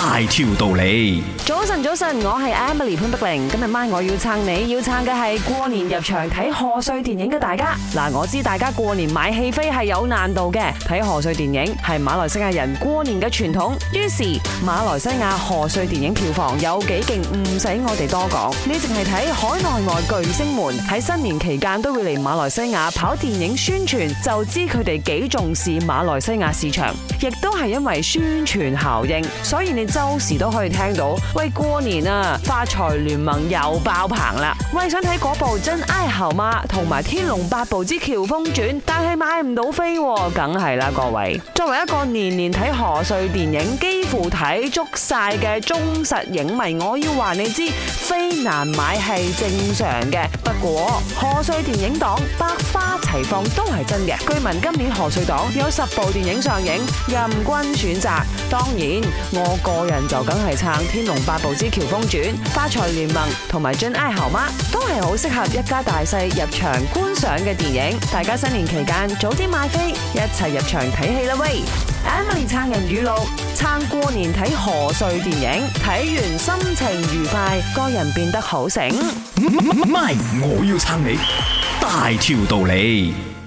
大條道理，早晨早晨，我係 Emily 潘碧玲，今日晚我要撐你，要撐嘅係過年入場睇賀歲電影嘅大家。嗱，我知大家過年買戲飛係有難度嘅，睇賀歲電影係馬來西亞人過年嘅傳統。於是馬來西亞賀歲電影票房有幾勁，唔使我哋多講，你淨係睇海內外，外巨星們喺新年期間都會嚟馬來西亞跑電影宣傳，就知佢哋幾重視馬來西亞市場，亦都係因為宣傳效應，所以你。周時都可以聽到，喂過年啊，發財聯盟又爆棚啦！喂，想睇嗰部《真哀後媽》同埋《天龍八部之喬峰傳》，但係買唔到飛，梗係啦，各位。作為一個年年睇賀歲電影、幾乎睇足晒嘅忠實影迷，我要話你知，飛難買係正常嘅。不過賀歲電影檔百花齊放都係真嘅。據聞今年賀歲檔有十部電影上映，任君選擇。當然，我個個人就梗係撐《天龍八部之喬峰傳》、《發財聯盟》同埋《真 I 猴媽》，都係好適合一家大細入場觀賞嘅電影。大家新年期間早啲買飛，一齊入場睇戲啦喂！Emily 撐人語錄，撐過年睇賀歲電影，睇完心情愉快，個人變得好醒。唔係，我要撐你，大條道理。